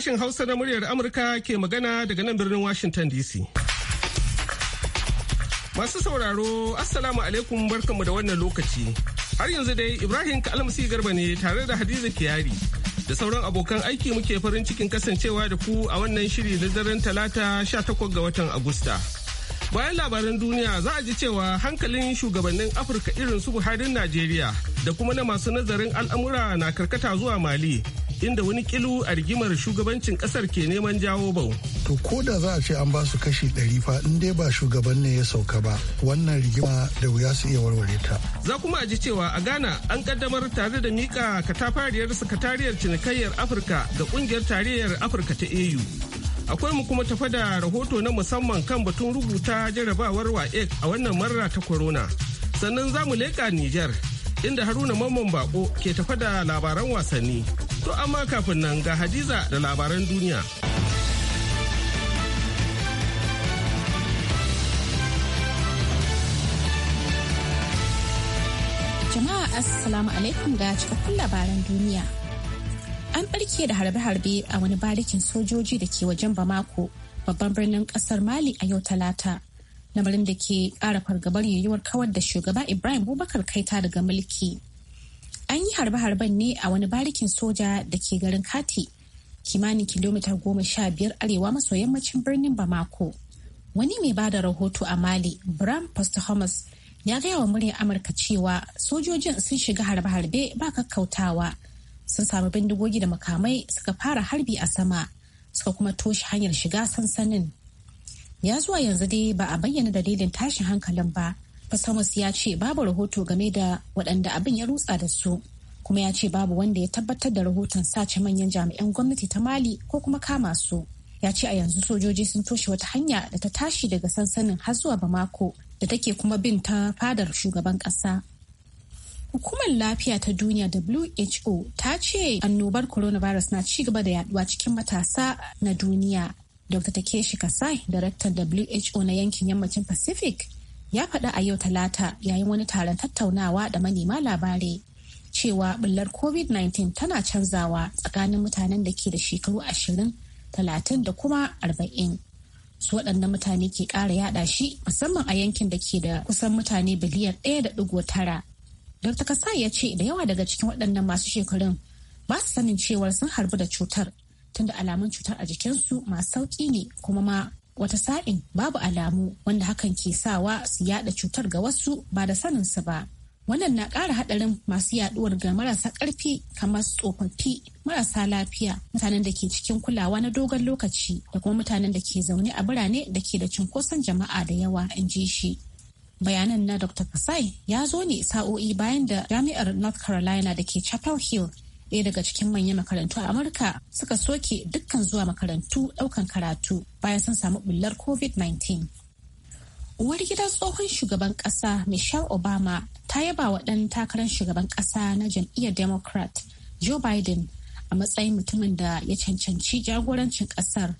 Sashen Hausa na muryar Amurka ke magana daga nan birnin Washington DC. Masu sauraro, Assalamu alaikum barkanmu da wannan lokaci. Har yanzu dai Ibrahim Kalmasi Garba ne tare da Hadiza Kiyari. Da sauran abokan aiki muke farin cikin kasancewa da ku a wannan shiri na daren talata sha 18 ga watan Agusta. Bayan labaran duniya za a ji cewa hankalin shugabannin Afirka irin su Buharin Najeriya da kuma na masu nazarin al'amura na karkata zuwa Mali inda wani kilu a rigimar shugabancin kasar ke neman jawo bau. To ko da za a ce an ba su kashi ɗari fa in dai ba shugaban ne ya sauka ba wannan rigima da wuya su iya warware ta. Za kuma a ji cewa a Ghana an kaddamar tare da mika katafariyar sakatariyar cinikayyar Afirka ga kungiyar tarayyar Afirka ta AU. Akwai mu kuma tafa da rahoto na musamman kan batun rubuta jarabawar WAEC a wannan marra ta corona. Sannan za mu leƙa Nijar inda Haruna Mamman Bako ke tafa da labaran wasanni. To amma kafin nan ga Hadiza da labaran duniya. Jama'a Assalamu alaikum ga cikakkun labaran duniya. An barke da harbe-harbe a wani barikin sojoji da ke wajen Bamako, babban birnin kasar Mali a yau Talata. Lamarin da ke ƙara fargabar yiwuwar kawar da shugaba Ibrahim Bubakar Kaita daga mulki. An yi harbe-harben ne a wani barikin soja da ke garin Kati, kimanin kilomita goma sha biyar arewa maso yammacin birnin Bamako. Wani mai ba da rahoto a Mali, Bram Posthumus, ya gaya wa muryar Amurka cewa sojojin sun shiga harbe-harbe ba kakkautawa. Sun samu bindigogi da makamai suka fara harbi a sama, suka kuma toshe hanyar shiga sansanin. Ya zuwa yanzu dai ba a bayyana dalilin tashin hankalin ba. Fasamus ya ce babu rahoto game da waɗanda abin ya rutsa da su kuma ya ce babu wanda ya tabbatar da rahoton sace manyan jami'an gwamnati ta Mali ko kuma kama su. Ya ce a yanzu sojoji sun toshe wata hanya da ta tashi daga sansanin har zuwa Bamako da take kuma bin ta fadar shugaban ƙasa. Hukumar lafiya ta duniya WHO ta ce annobar coronavirus na ci gaba da yaduwa cikin matasa na duniya. Dr. Takeshi Kasai, daraktan WHO na yankin yammacin Pacific, ya faɗa a yau talata yayin wani taron tattaunawa da manema labarai cewa bullar covid-19 tana canzawa tsakanin mutanen da ke da shekaru 20 talatin da kuma 40 su waɗannan mutane ke ƙara yada shi musamman a yankin da ke da kusan mutane biliyan 1.9 dr kasai ya ce da yawa daga cikin waɗannan masu shekarun ba su sanin cewar sun harbu da cutar tunda alamun cutar a jikinsu masu sauƙi ne kuma ma wata sa'in babu alamu wanda hakan ke sawa su yada cutar ga wasu ba da saninsu ba. Wannan na ƙara haɗarin masu yaduwar ga marasa ƙarfi kamar tsofaffi, marasa lafiya, mutanen da ke cikin kulawa na dogon lokaci da kuma mutanen da ke zaune a birane da ke da cunkoson jama'a da yawa in ji shi. Bayanan na Dr. Kasai ya zo ne sa'o'i bayan da Jami'ar North Carolina da ke Chapel Hill ɗaya daga cikin manyan makarantu a amurka suka soke dukkan zuwa makarantu ɗaukan karatu bayan sun samu bullar covid-19 uwar gida tsohon shugaban ƙasa michelle obama ta yaba wa ɗan takarar shugaban ƙasa na jam'iyyar democrat joe biden a matsayin mutumin da ya cancanci jagorancin ƙasar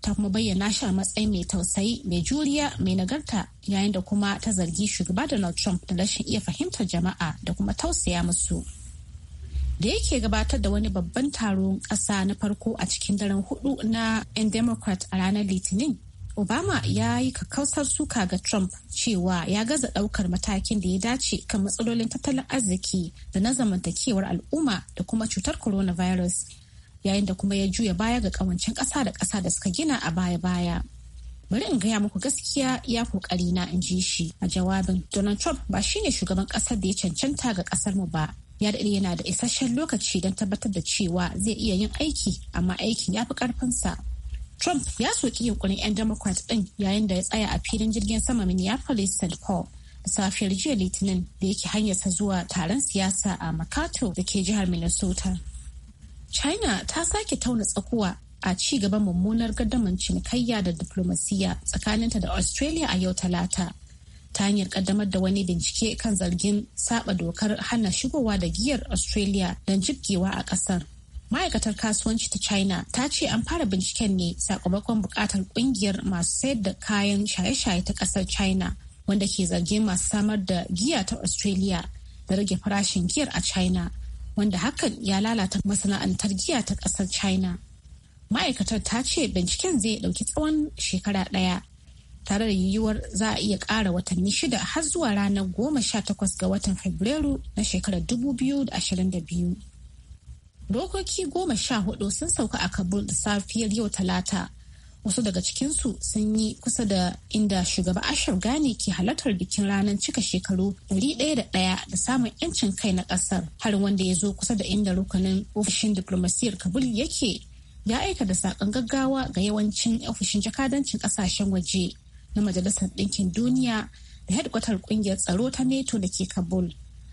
ta kuma bayyana shi a matsayin mai tausayi mai juriya mai nagarta yayin da kuma ta zargi shugaba donald trump da rashin iya fahimtar jama'a da kuma tausaya musu da yake gabatar da wani babban taron ƙasa na farko a cikin daren hudu na 'yan democrat a ranar litinin obama ya yi kakkausar suka ga trump cewa ya gaza ɗaukar matakin da ya dace kan matsalolin tattalin arziki da na zamantakewar al'umma da kuma cutar coronavirus yayin da kuma ya juya baya ga ƙawancen ƙasa da ƙasa da suka gina a baya-baya bari in gaya muku gaskiya ya kokari na in ji shi a jawabin donald trump ba shine shugaban ƙasar da ya cancanta ga kasar mu ba ya daɗe yana da isasshen lokaci don tabbatar da cewa zai iya yin aiki amma aikin ya fi ƙarfinsa. Trump ya soki yunkurin 'yan Democrat ɗin yayin da ya tsaya a filin jirgin sama Minneapolis St. Paul da safiyar jiya Litinin da yake hanyarsa zuwa taron siyasa a Makato da ke jihar Minnesota. China ta sake tauna tsakuwa a ci gaban mummunar gardamar cinikayya da diplomasiya tsakaninta da Australia a yau talata. ta hanyar kaddamar da wani bincike kan zargin saba dokar hana shigowa da giyar Australia don jibgewa a kasar. Ma'aikatar kasuwanci ta China ta ce an fara binciken ne sakamakon bukatar kungiyar masu sayar da kayan shaye-shaye ta kasar China wanda ke zargin masu samar da giya ta Australia da rage farashin giyar a China wanda hakan ya lalata masana'antar giya ta kasar China. ma'aikatar ta ce binciken zai ɗauki tsawon shekara ɗaya tare da yiwuwar za a iya ƙara watanni shida har zuwa ranar goma sha takwas ga watan Fabrairu na shekarar dubu biyu da ashirin da biyu. Dokoki goma sha hudu sun sauka a Kabul da safiyar yau Talata. Wasu daga cikinsu sun yi kusa da inda shugaba Ashar gane ke halartar bikin ranar cika shekaru ɗaya da da samun 'yancin kai na ƙasar. har wanda ya zo kusa da inda rukunin ofishin diplomasiyar Kabul yake ya aika da saƙon gaggawa ga yawancin ofishin jakadancin ƙasashen waje na Majalisar Ɗinkin Duniya da hedkwatar ƙungiyar tsaro ta NATO da ke Kabul,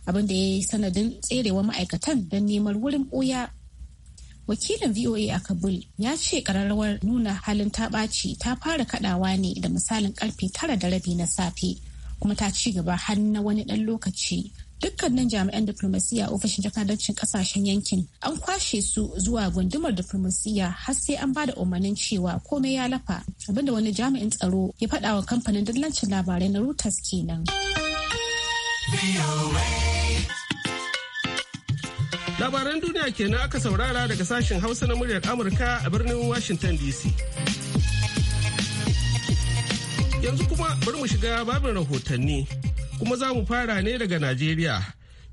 abin da ya yi sanadin tserewa ma'aikatan don neman wurin ɓuya. Wakilin VOA a Kabul ya ce ƙararrawar nuna halin taɓaci ta fara kaɗawa ne da misalin ƙarfe tara da rabi na safe, kuma ta ci gaba har na wani ɗan lokaci. dukkanin jami'an diplomasiya ofishin jakadancin kasashen yankin an kwashe su zuwa gundumar diplomasiya har sai an bada umarnin cewa komai ya lafa abinda wani jami'in tsaro ya faɗa wa kamfanin dillancin labarai na Reuters kenan. Labaran duniya kenan aka saurara daga sashen Hausa na muryar Amurka a birnin Washington DC. Yanzu kuma bari mu shiga babin rahotanni. kuma za mu fara ne daga najeriya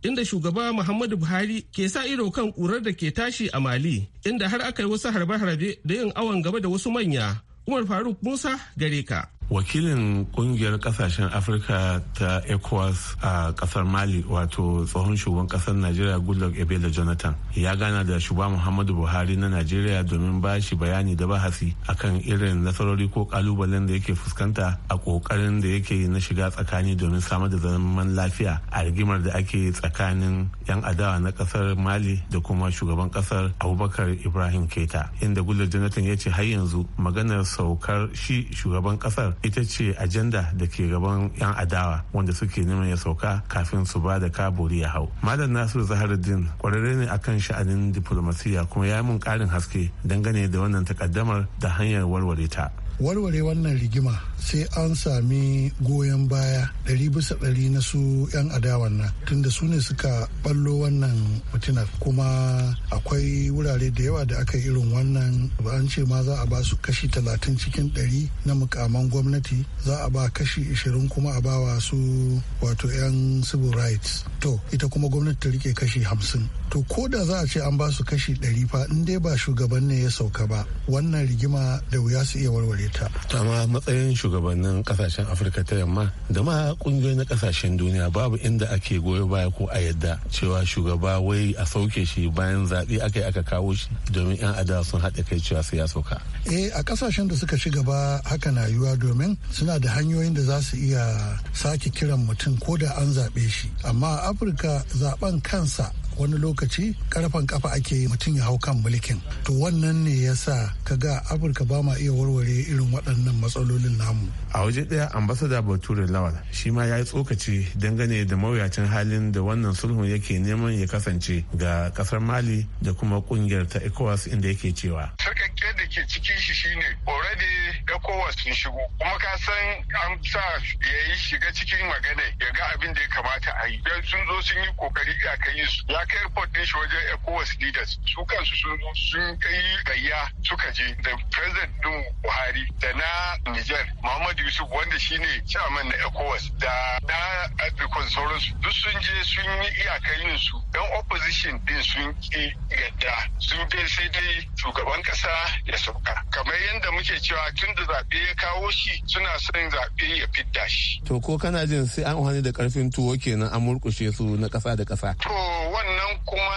inda shugaba muhammadu buhari ke sa ido kan ƙurar da ke tashi a mali inda har aka yi wasu harbe-harbe da yin awon gaba da wasu manya umar faruk musa gare ka wakilin kungiyar kasashen afirka ta ecowas a kasar mali wato tsohon shugaban kasar najeriya goodluck ebele jonathan ya gana da shugaba muhammadu buhari na najeriya domin ba shi bayani da bahasi akan irin nasarori ko kalubalen da yake fuskanta a kokarin da yake na shiga tsakani domin samar da zaman lafiya a rigimar da ake tsakanin yan adawa na kasar mali da kuma shugaban kasar abubakar ibrahim keta inda goodluck jonathan ya ce har yanzu maganar saukar shi shugaban kasar ita ce ajanda da ke gaban 'yan adawa wanda suke neman ya sauka kafin su ba da kaburi ya hau malam nasiru zaharuddin kwararre ne akan sha'anin diplomasiya kuma ya mun karin haske dangane da wannan takaddamar da hanyar warware ta warware wannan rigima sai an sami goyon baya ɗari bisa ɗari na su 'yan adawan nan tunda su ne suka ballo wannan mutunar kuma akwai wurare da yawa da aka yi irin wannan ba an ce ma za a ba su kashi talatin cikin ɗari na mukaman gwamnati za a ba kashi ishirin kuma a ba wa su wato 'yan civil rights to ita kuma gwamnati ta rike kashi hamsin to ko da za a ce an ba su kashi ɗari fa in dai ba shugaban ne ya sauka ba wannan rigima da wuya su iya warware ta ma matsayin shugabannin kasashen afirka ta yamma da ma kungiyoyi na kasashen duniya babu inda ake goyo baya ko a yadda cewa shugaba wai a sauke shi bayan zaɓe aka yi aka kawo shi domin 'yan adawa sun haɗa kai cewa su ya sauka eh a kasashen da suka shiga ba haka na yiwuwa domin suna da hanyoyin da za su iya sake kiran mutum ko da an zaɓe shi amma afirka zaɓen kansa wani lokaci karfan kafa ake yi mutum ya hau kan mulkin to wannan ne ya sa ka ga afirka ba ma iya warware irin waɗannan matsalolin namu a waje ɗaya ambasada bature lawal shi ma ya yi tsokaci dangane da mawuyacin halin da wannan sulhun yake neman ya kasance ga kasar mali da kuma kungiyar ta ecowas inda yake cewa da ke cikin shi shine already ecowas sun shigo kuma ka an sa ya yi shiga cikin magana ya ga abin da ya kamata a yi sun zo sun yi kokari iyakan yi su ya kai airport din shi wajen ECOWAS leaders su kansu sun sun kai gayya suka je da president din Buhari da na Niger muhammad Yusuf wanda shine chairman na ECOWAS da na African sauransu duk sun je sun yi iyakayin su dan opposition din sun ki yadda sun kai sai dai shugaban kasa ya sauka kamar yadda muke cewa tun da zaɓe ya kawo shi suna son zaɓe ya fidda shi. To ko kana jin sai an wani da karfin tuwo kenan an murkushe su na kasa da kasa. To wannan sannan kuma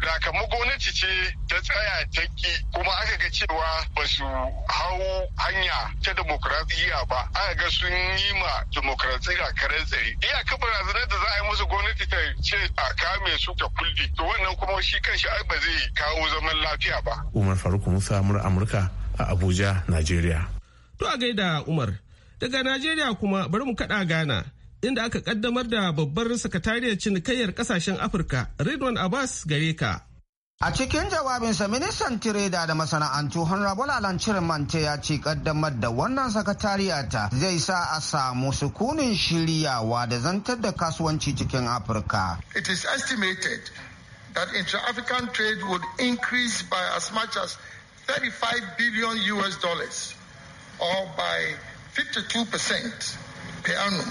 rakamu gwamnati ce ta tsaya ta ki kuma aka ga cewa ba su hau hanya ta demokrasiya ba aka ga sun yi ma demokrasiya karen tsari iyaka barazanar da za a yi musu gwamnati ta ce a kame su ta kulli to wannan kuma shi kanshi ai ba zai kawo zaman lafiya ba umar faruk musa amurka a abuja nigeria to a gaida umar daga Najeriya kuma bari mu kada gana. inda aka kaddamar da babbar sakatariyar cinikayyar kasashen Afirka, Ridwan Abbas gare ka. A cikin jawabinsa ministan tireda da masana'antu Honorable Alan Chirmante ya ce kaddamar da wannan sakatariyata zai sa a samu sukunin shiryawa da zantar da kasuwanci cikin Afirka. It is estimated that intra-African trade would increase by as much as 35 billion US dollars or by 52% per annum.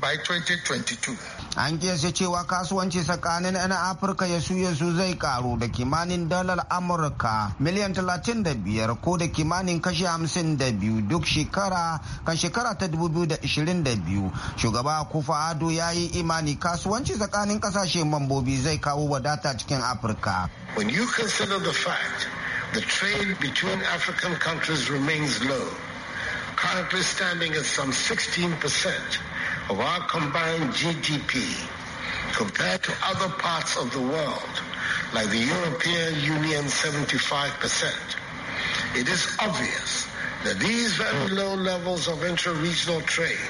by 2022. An kiyasta cewa kasuwanci tsakanin 'yan Afirka ya suya su zai karu da kimanin dalar Amurka miliyan 35 ko da kimanin kashi 52 duk shekara kan shekara ta 2022. Shugaba Kufa Ado ya yi imani kasuwanci tsakanin kasashe mambobi zai kawo wadata cikin Afirka. When you consider the fact the trade between African countries remains low, currently standing at some 16 percent. of our combined GDP compared to other parts of the world, like the European Union 75%, it is obvious that these very low levels of intra-regional trade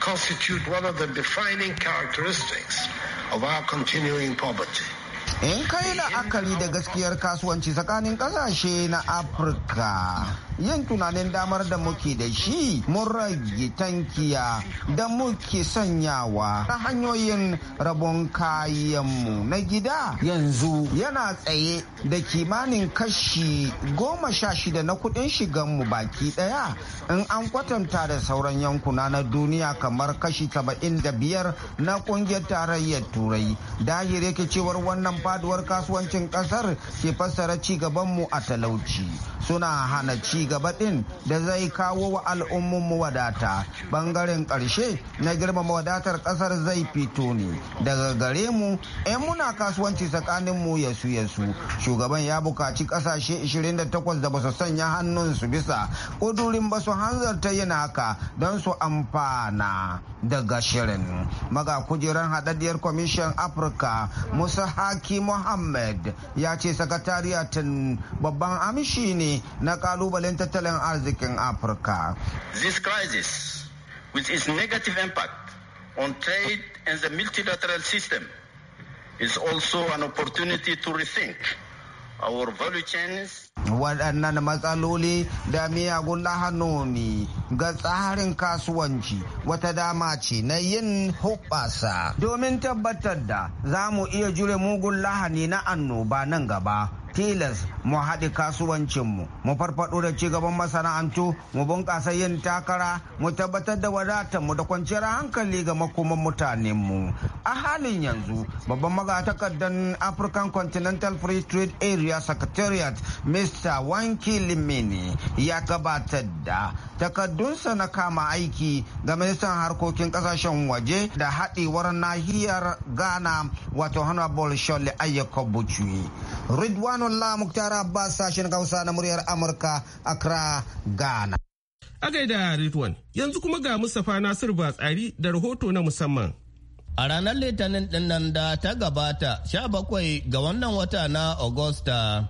constitute one of the defining characteristics of our continuing poverty. In kai la'akari da gaskiyar kasuwanci tsakanin kasashe na Afirka yin tunanin damar da muke da shi mun rage tankiya da muke sanyawa ta hanyoyin rabon kayanmu na gida yanzu yana tsaye da kimanin kashi goma sha shida na kudin shiganmu baki daya in an kwatanta da sauran yankuna na duniya kamar kashi saba'in da biyar na kungiyar tarayyar turai dahir yake cewar wannan faduwar kasuwancin kasar ke fassara ci gabanmu a talauci suna hana ci ci gaba ɗin da zai kawo wa al'ummanmu wadata ɓangaren ƙarshe na girmama wadatar ƙasar zai fito ne daga gare mu in muna kasuwanci tsakaninmu ya yasu ya shugaban ya buƙaci ƙasashe 28 da ba su sanya su bisa ƙudurin ba su hanzarta yin haka don su amfana daga shirin maga kujeran haɗaɗɗiyar kwamishin afirka musa haki muhammad ya ce sakatariyatin babban amshi ne na ƙalubalen tattalin tattalin arzikin Afirka. This crisis, with its negative impact on trade and the multilateral system, is also an opportunity to rethink our value chains. Waɗannan matsaloli da miyagun lahanoni ga tsarin kasuwanci wata dama ce na yin hubbasa domin tabbatar da za mu iya jure mugun lahani na annoba nan gaba. tilas mu haɗi kasuwancinmu mu farfaɗo da ci gaban masana'antu mu bunƙasa yin takara mu tabbatar da wadatarmu da kwanciyar hankali ga makoman mutanenmu a halin yanzu babban magatakardan african continental free trade area secretariat mr wanki limini ya gabatar da takardunsa na kama aiki ga ministan harkokin kasashen waje da haɗewar nahiyar ghana wato honorable shirley ayyukan bucuyi ridwan Abdullah Mukhtar Abbas sashen Hausa na muryar Amurka Accra, Ghana. A gaida Ridwan, yanzu kuma ga Mustapha Nasir Batsari da rahoto na musamman. A ranar Litinin ɗinnan da ta gabata, sha bakwai ga wannan wata na Agusta,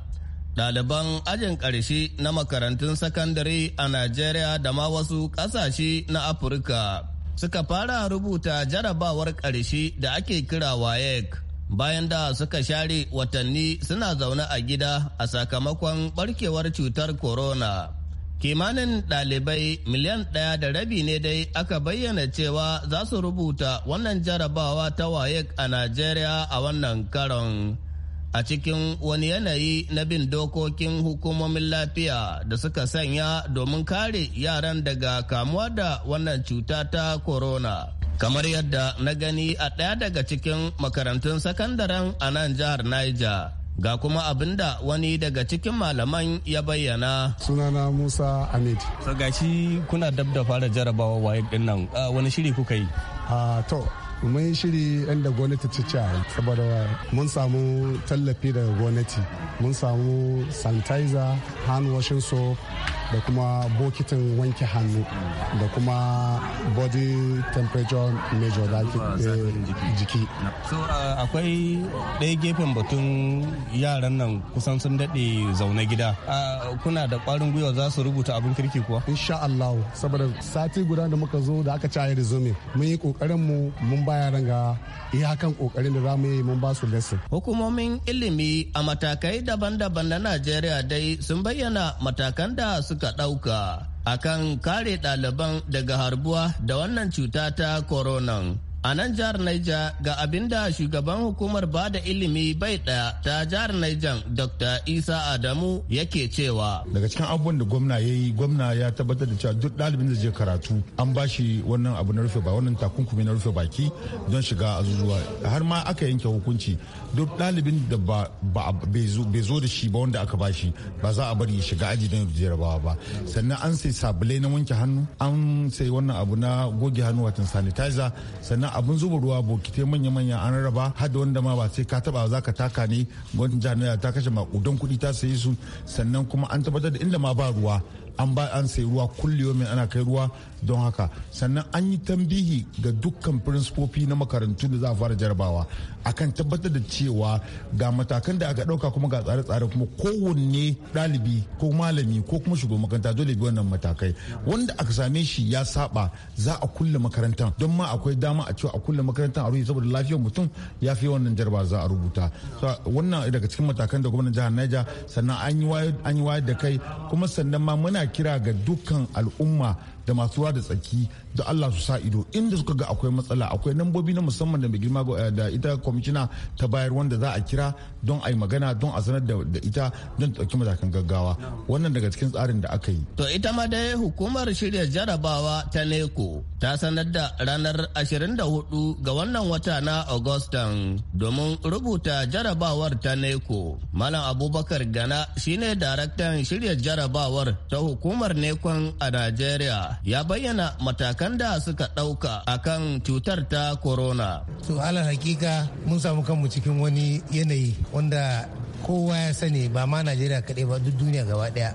ɗaliban ajin ƙarshe na makarantun sakandare a Najeriya da ma wasu ƙasashe na Afirka suka fara rubuta jarabawar ƙarshe da ake kira WAEC. bayan da suka share watanni suna zaune a gida a sakamakon barkewar cutar corona. Kimanin ɗalibai miliyan ɗaya da rabi ne dai aka bayyana cewa za su rubuta wannan jarabawa ta WAEC a Najeriya a wannan karon. A cikin wani yanayi na bin dokokin hukumomin lafiya da suka sanya domin kare yaran daga kamuwa da wannan cuta ta corona. kamar yadda na gani a ɗaya daga cikin makarantun sakandaren a nan jihar Niger. Ga kuma abin da wani daga cikin malaman ya bayyana. Sunana Musa Ahmed. So gashi kuna dab da fara jarabawa waye din nan wani shiri kuka yi? to mun shiri inda gwamnati ta ci saboda mun samu tallafi daga gwamnati mun samu sanitizer hand washing soap da kuma bokitin wanke hannu da kuma body temperature major da eh, jiki so uh, akwai ɗaya gefen batun yaran nan kusan sun daɗe zaune gida uh, kuna da ƙwarin gwiwa za su rubuta abin kirki kuwa insha Allah saboda sati guda da muka zo da aka ci ayi resume mun yi ƙoƙarin mu mun ba yaran ga iyakan ƙoƙarin da za mu yi mun ba su lesson hukumomin ilimi a matakai daban-daban na Najeriya dai sun bayyana matakan da su suka ɗauka akan kare ɗaliban daga harbuwa da wannan cuta ta coronan. A nan jihar Naija ga abin da shugaban hukumar ba da ilimi bai ɗaya ta jihar Naija Dr. Isa Adamu yake cewa. Daga cikin abubuwan da gwamna ya yi gwamna ya tabbatar da cewa duk ɗalibin da zai karatu an ba shi wannan abu na rufe ba wannan takunkumi na rufe baki don shiga azuzuwa har ma aka yanke hukunci duk ɗalibin da ba bai zo da shi ba wanda aka ba shi ba za a bari shiga aji don jarabawa ba sannan an sai sabulai na wanke hannu an sai wannan abu na goge hannu watan sanitizer sannan abun zuba ruwa bokite manya-manya an raba har da wanda ma ba sai ka taba za ka taka ne gwamnatin jami'a ta kashe makudan kuɗi ta sayi su sannan kuma an tabbatar da inda ma ba ruwa an ba an sai ruwa yomin ana kai ruwa don haka sannan an yi tambihi ga dukkan firinsifofi na makarantu da za a fara jarabawa akan tabbatar da cewa ga matakan da aka dauka kuma ga tsare-tsare kuma kowanne dalibi ko malami ko kuma shugaban makaranta dole bi wannan matakai wanda aka same shi ya saba za a kulle makarantan don ma akwai dama a cewa a kulle makarantan a rufe saboda lafiyar mutum ya fi wannan jaraba za a rubuta wannan daga cikin matakan da gwamnatin jihar Niger sannan an yi wayar da kai kuma sannan ma muna kira ga dukkan al'umma da masu ruwa da tsaki da Allah su sa ido inda suka ga akwai matsala akwai nambobi na musamman da mai girma eh, da ita kwamishina ta bayar wanda za a kira don a yi magana don a sanar da ita don ta ɗauki matakan gaggawa wannan daga cikin tsarin da aka yi. To ita ma dai hukumar shirya jarabawa ta neko ta sanar da ranar ashirin da hudu ga wannan wata na Agustan domin rubuta jarabawar ta neko. Malam Abubakar Gana shine daraktan shirya jarabawar ta hukumar nekon a Najeriya. ya bayyana matakan da suka ɗauka akan cutar ta corona. To alal hakika mun samu kanmu cikin wani yanayi wanda kowa ya sani ba ma Najeriya kaɗai ba duk duniya gaba ɗaya.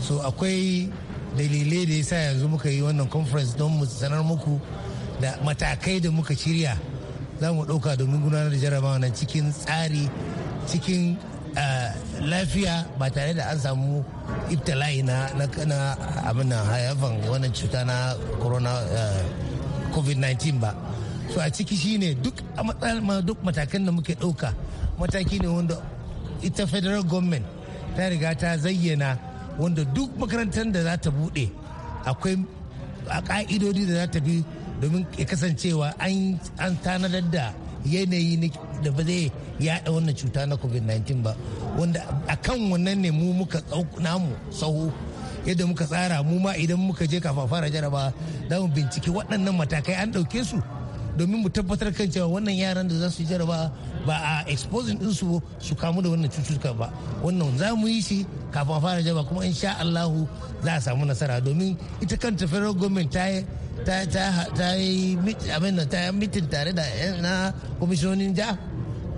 So akwai dalilai da yasa yanzu muka yi wannan conference don mu sanar muku da matakai da muka shirya za mu ɗauka domin gudanar da jarabawa nan cikin tsari cikin eh, lafiya ba tare da an samu iftalai na na abin nan hayafan wannan cuta na corona eh, covid-19 ba so a ciki shine duk duk matakan da muke ɗauka mataki ne wanda ita federal government ta riga ta zayyana wanda duk makarantar da za ta bude akwai a ka'idodi da za ta bi domin kasancewa an tanadar da yanayi da ba zai yaɗa wannan cuta na covid-19 ba wanda akan wannan ne mu muka namu sahu yadda muka tsara mu ma idan muka je kafa fara jaraba za mu binciki waɗannan matakai an ɗauke su domin mu tabbatar kan cewa wannan yaran da za su jaraba ba a exposing ɗinsu su kamu da wannan cututtuka ba wannan za mu yi shi kafin fara jaraba kuma insha Allahu za a samu nasara domin ita kanta federal government ta yi ta yi mitin tare da eh, na kwamishinonin ja.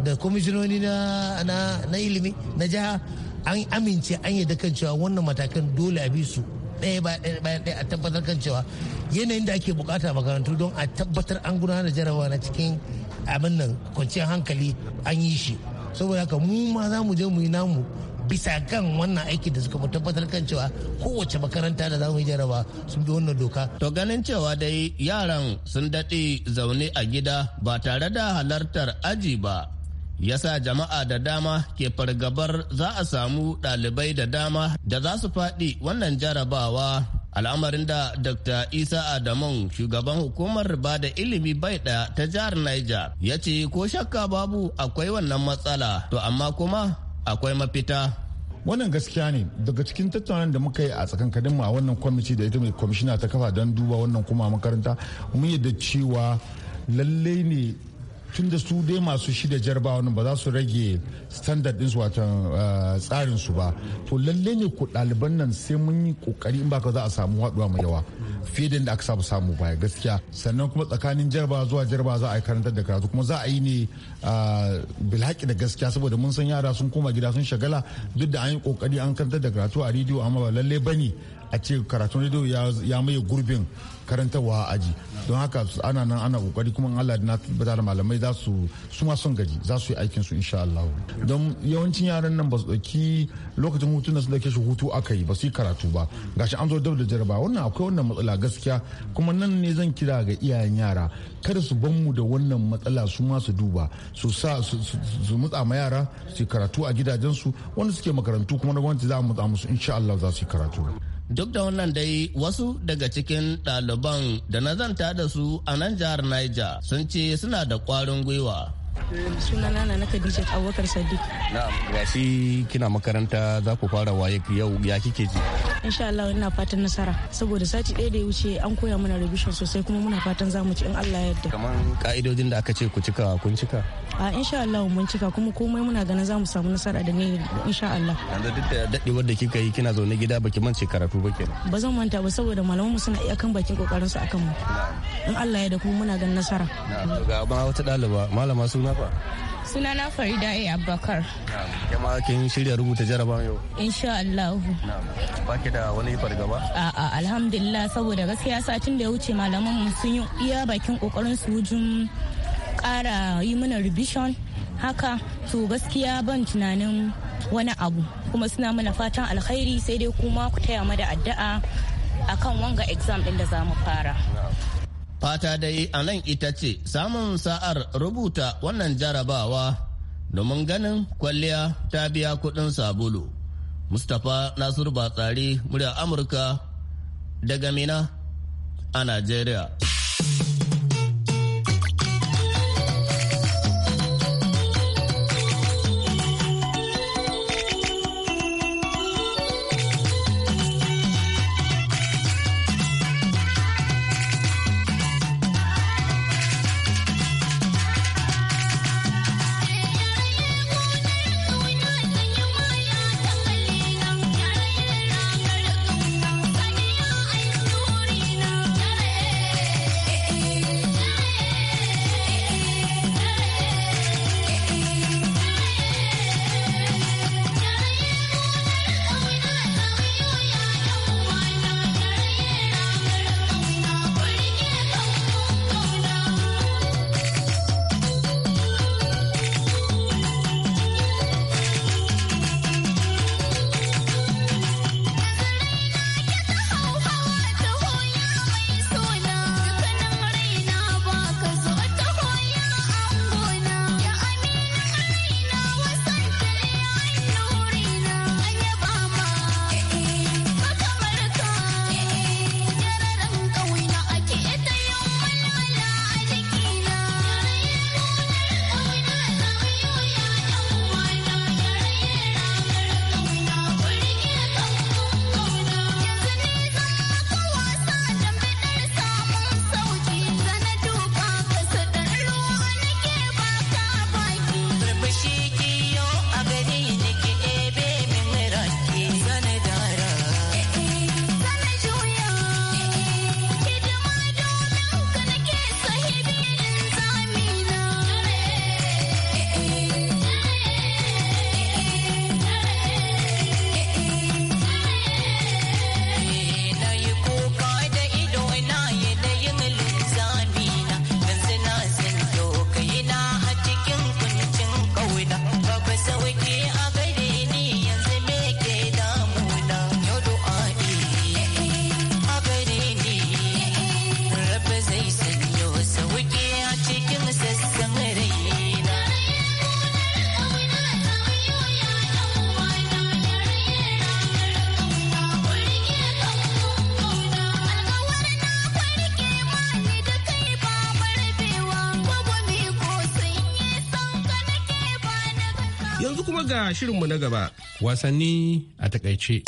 da kwamishinoni na ilimi na jiha an amince an yi kan cewa wannan matakan dole a bi su ɗaya bayan ɗaya a tabbatar kan cewa yanayin da ake bukata makarantu don a tabbatar an gudanar da jarabawa na cikin abin nan kwanciyar hankali an yi shi saboda haka mu ma za mu je mu yi namu bisa kan wannan aiki da suka tabbatar kan cewa kowace makaranta da za mu yi jaraba sun bi wannan doka. To ganin cewa dai yaran sun daɗe zaune a gida ba tare da halartar aji ba yasa jama'a da dama ke fargabar za a samu ɗalibai da dama da za su faɗi wannan jarabawa al'amarin da dr isa adamun shugaban hukumar ba da ilimi bai ɗaya ta jihar niger ya ce ko shakka babu akwai wannan matsala to amma kuma akwai mafita wannan gaskiya ne daga cikin tattaunan da muka yi a tsakankanin ma a wannan kwamiti da ita mai kwamishina ta kafa don duba wannan kuma makaranta mun yadda cewa lallai ne tunda su dai masu shida jarabawa ba za su rage standard su watan eh, tsarin su ba to lalle ne ku ɗaliban nan sai mun yi kokari in baka za a samu haɗuwa mai yawa fiye da inda aka samu samu baya gaskiya sannan kuma tsakanin jarba zuwa jarba za a yi karantar da karatu kuma za a yi ne eh, bilhaki da gaskiya saboda mun san yara sun koma gida sun shagala duk da an yi kokari an karantar da karatu a rediyo amma ba lalle bane a ce karatun rediyo ya maye gurbin karantarwa a aji don haka ana nan ana kokari kuma Allah na tabbata da malamai za su su ma son gaji za su yi aikin su insha Allah don yawancin yaran nan ba su dauki lokacin hutu na su dauke shi hutu aka yi ba su yi karatu ba gashi an zo dab da jaraba wannan akwai wannan matsala gaskiya kuma nan ne zan kira ga iyayen yara kada su ban mu da wannan matsala su ma su duba su sa su mutsa ma yara su karatu a gidajensu wanda suke makarantu kuma na gwamnati za mu mutsa musu insha Allah za su yi karatu Duk da wannan dai wasu daga cikin ɗaliban da na zanta da su a nan jihar Niger sun ce suna da ƙwarin gwiwa. sunana na na Khadija Abubakar Sadiq. Na'am, gashi kina makaranta za ku fara waye yau ya kike ji? Insha Allah ina fatan nasara saboda sati ɗaya da ya wuce an koya mana revision sosai kuma muna fatan za mu ci in Allah ya yarda. Kamar ka'idojin da aka ce ku cika kun cika? A insha Allah mun cika kuma komai muna ganin za mu samu nasara da ne insha Allah. Yanzu duk da daɗewar da kika yi kina zaune gida baki mance karatu ba kenan. Ba zan manta ba saboda malaman mu suna iyakan bakin kokarin su akan mu. In Allah ya da kuma muna ganin nasara. Ga ma wata ɗaliba malama suna suna fa sunana farida a abubakar jama'a kin shirya rubuta jaraba yau insha Allah ba ki da wani fargaba a'a alhamdulillah saboda gaskiya satin da ya wuce malaman mu sun yi iya bakin kokarin su wujin kara yi mana revision haka to gaskiya ban tunanin wani abu kuma suna mana fatan alkhairi sai dai kuma ku taya mada da addu'a akan wanga exam din da za mu fara fata dai a nan ita ce samun sa'ar rubuta wannan jarabawa domin ganin kwalliya ta biya kudin sabulu mustapha nasiru batsari murya amurka daga mina a najeriya shirinmu na gaba. Wasanni a takaice.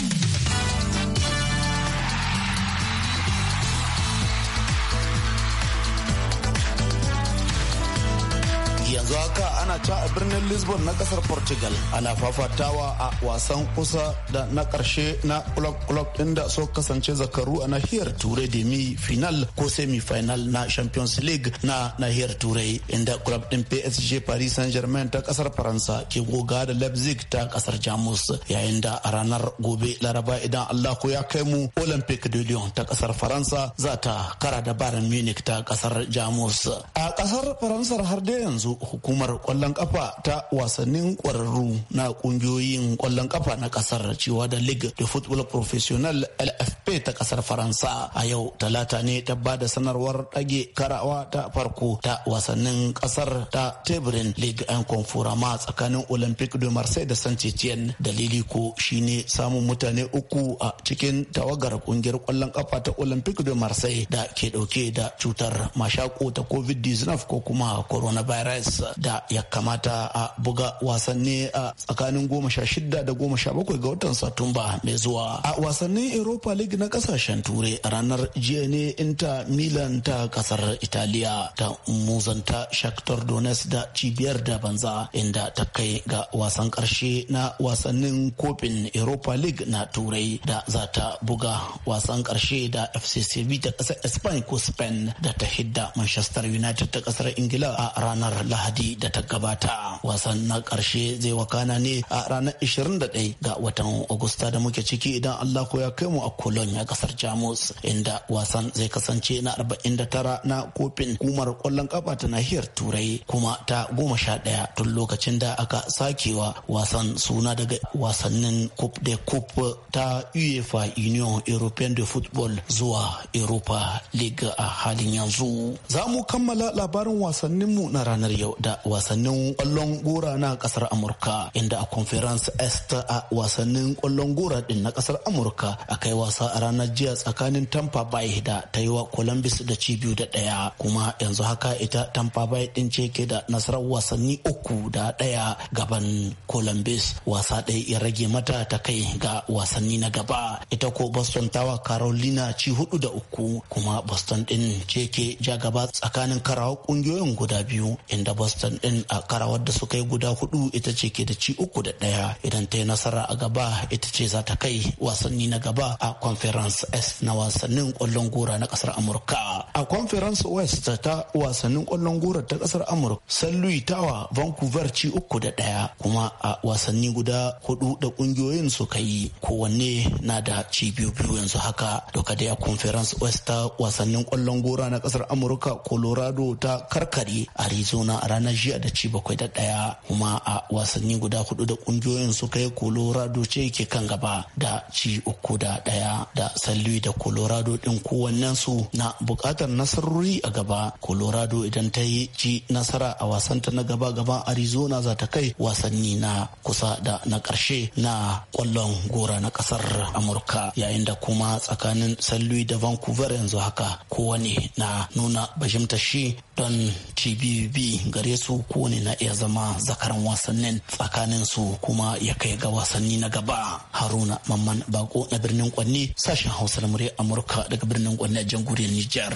birnin lisbon na kasar portugal ana fafatawa a wasan kusa da na karshe na club-club inda so kasance zakaru a nahiyar turai demi final ko semi final na champions league na nahiyar turai inda club din psg paris saint germain ta kasar faransa ke goga da leipzig ta kasar jamus yayin da a ranar gobe laraba idan allah ko ya kai mu olympic de lyon ta kasar faransa za ta kara da munic munich ta kasar jamus a kasar faransa har da yanzu hukumar kwallon kafa ta wasannin kwararru na kungiyoyin kwallon kafa na kasar cewa da Ligue de Football Professionnel LFP ta kasar Faransa a yau talata ne ta ba da sanarwar ɗage karawa ta farko ta wasannin kasar ta teburin Ligue 'yan Conforama tsakanin Olympique de Marseille da Saint Etienne dalili ko shine samun mutane uku a cikin tawagar kungiyar kwallon kafa ta Olympique de Marseille da ke dauke da cutar mashako ta COVID-19 ko kuma coronavirus da ya kamata ta buga wasanni a tsakanin goma sha shida da goma sha bakwai ga watan satumba mai zuwa a wasannin europa league na kasashen turai ranar jiya ne inter milan ta kasar italiya ta muzanta shakhtar donetsk da cibiyar da banza inda ta kai ga wasan karshe na wasannin kofin europa league na turai da za ta buga wasan karshe da fc sevilla kasar spain ko spain da ta hidda manchester united ta kasar ingila a ranar lahadi da ta gabata Wasan na karshe zai wakana ne a ranar 21 ga watan Agusta da muke ciki idan Allah ko ya kai mu a Cologne a ƙasar Jamus inda wasan zai kasance na 49 na kofin kumar kwallon ƙafa ta nahiyar Turai kuma ta goma sha ɗaya tun lokacin da aka sakewa wasan suna daga wasannin Coupe de Coupe ta UEFA Union European de Football zuwa Europa League a halin yanzu. Za mu kammala labarin wasanninmu na ranar yau da wasannin kwallon gora na kasar amurka inda a conference est a wasannin kwallon gora din na kasar amurka a kai wasa a ranar jiya tsakanin tampa bay da ta yi wa columbus da ci biyu da daya kuma yanzu haka ita tampa bay din ce ke da nasarar wasanni uku da daya gaban columbus wasa ɗaya ya rage mata ta kai ga wasanni na gaba ita ko boston tawa carolina ci hudu da uku kuma boston din ce ke ja gaba tsakanin karawa kungiyoyin guda biyu inda boston din a karawa wadda suka yi guda hudu ita ce ke da ci uku da ɗaya idan ta yi nasara a gaba ita ce za ta kai wasanni na gaba a conference s na wasannin kwallon gora na kasar amurka a conference west ta wasannin kwallon gora ta kasar amurka san louis tawa vancouver ci uku da ɗaya kuma a wasanni guda hudu da kungiyoyin suka yi kowanne na da ci biyu biyu yanzu haka dai a conference west ta wasannin kwallon gora na kasar amurka colorado ta karkare arizona a ranar jiya da ci bakwai da daya kuma a wasanni guda hudu da kungiyoyin suka yi colorado ce ke kan gaba da ci uku da ɗaya da salwi da colorado ɗin kowannen su na buƙatar nasarori a gaba colorado idan ta yi ci nasara a wasanta na gaba gaba arizona za ta kai wasanni na kusa da na ƙarshe na kwallon gora na ƙasar amurka yayin da kuma tsakanin salwi da vancouver yanzu haka kowane na nuna bashimta shi don cibibi gare su kowane na iya zama zakaran wasannin tsakanin su kuma ya kai ga wasanni na gaba haruna mamman bako na birnin kwanni sashen hausa na murya amurka daga birnin kwanni a jamhuriyar nijar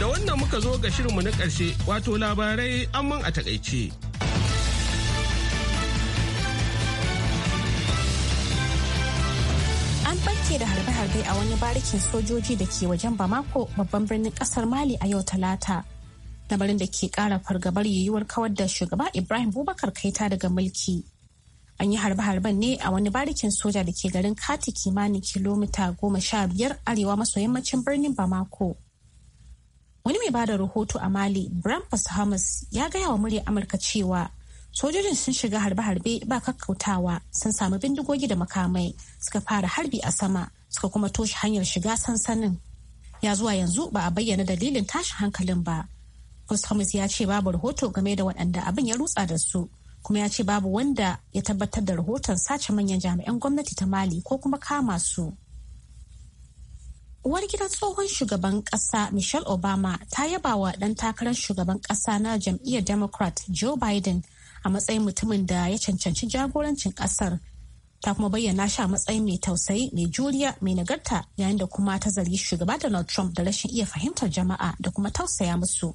da wannan muka zo ga shirinmu na karshe wato labarai amman a takaice. An barke da harbe-harbe a wani barikin sojoji da ke wajen Bamako babban birnin kasar Mali a yau talata. lamarin da ke kara fargabar yiwuwar kawar da shugaba ibrahim bubakar kaita daga mulki an yi harbe-harben ne a wani barikin soja da ke garin kati kimanin kilomita goma sha biyar arewa maso yammacin birnin bamako wani mai bada rahoto a mali brampus hamas ya gaya wa murya amurka cewa sojojin sun shiga harbe-harbe ba kakkautawa sun samu bindigogi da makamai suka fara harbi a sama suka kuma toshe hanyar shiga sansanin ya zuwa yanzu ba a bayyana dalilin tashin hankalin ba Thomas ya ce babu rahoto game da waɗanda abin ya rutsa da su. kuma ya ce babu wanda ya tabbatar da rahoton sace manyan jami'an gwamnati ta mali ko kuma kama su uwar gidan tsohon shugaban ƙasa michelle obama ta yaba wa ɗan takarar shugaban ƙasa na jam'iyyar democrat joe biden a matsayin mutumin da ya cancanci jagorancin ƙasar ta kuma bayyana shi a matsayin mai tausayi mai juriya mai nagarta yayin da kuma ta zargi shugaba donald trump da rashin iya fahimtar jama'a da kuma tausaya musu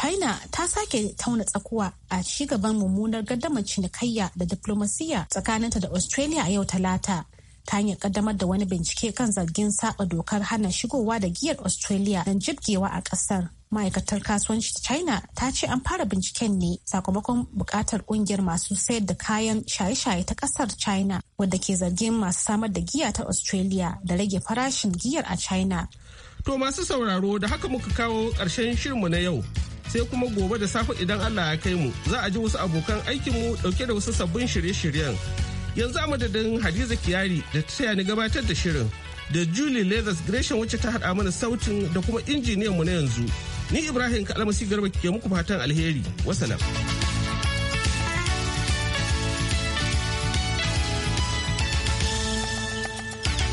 China ta sake tauna tsakuwa a gaban mummunar gaddamar cinikayya da diplomasiyya tsakaninta da Australia a yau talata. ta hanyar kaddamar da wani bincike kan zargin saba dokar hana shigowa da giyar Australia don jibgewa a kasar. Ma'aikatar kasuwanci ta China ta ce an fara binciken ne sakamakon bukatar kungiyar masu sayar da kayan shaye-shaye ta kasar China wadda ke zargin masu samar da giya ta Australia da rage farashin giyar a China. To masu sauraro da haka muka kawo ƙarshen shirinmu na yau. sai kuma gobe da safe idan Allah ya kai mu za a ji wasu abokan aikinmu dauke da wasu sabbin shirye-shiryen. Yanzu amadadin madadin Hadiza Kiyari da ta ni gabatar da shirin da Julie Leathers Gresham wacce ta haɗa mana sautin da kuma injiniyan mu na yanzu. Ni Ibrahim Kalmasi Garba ke muku fatan alheri. Wasalam.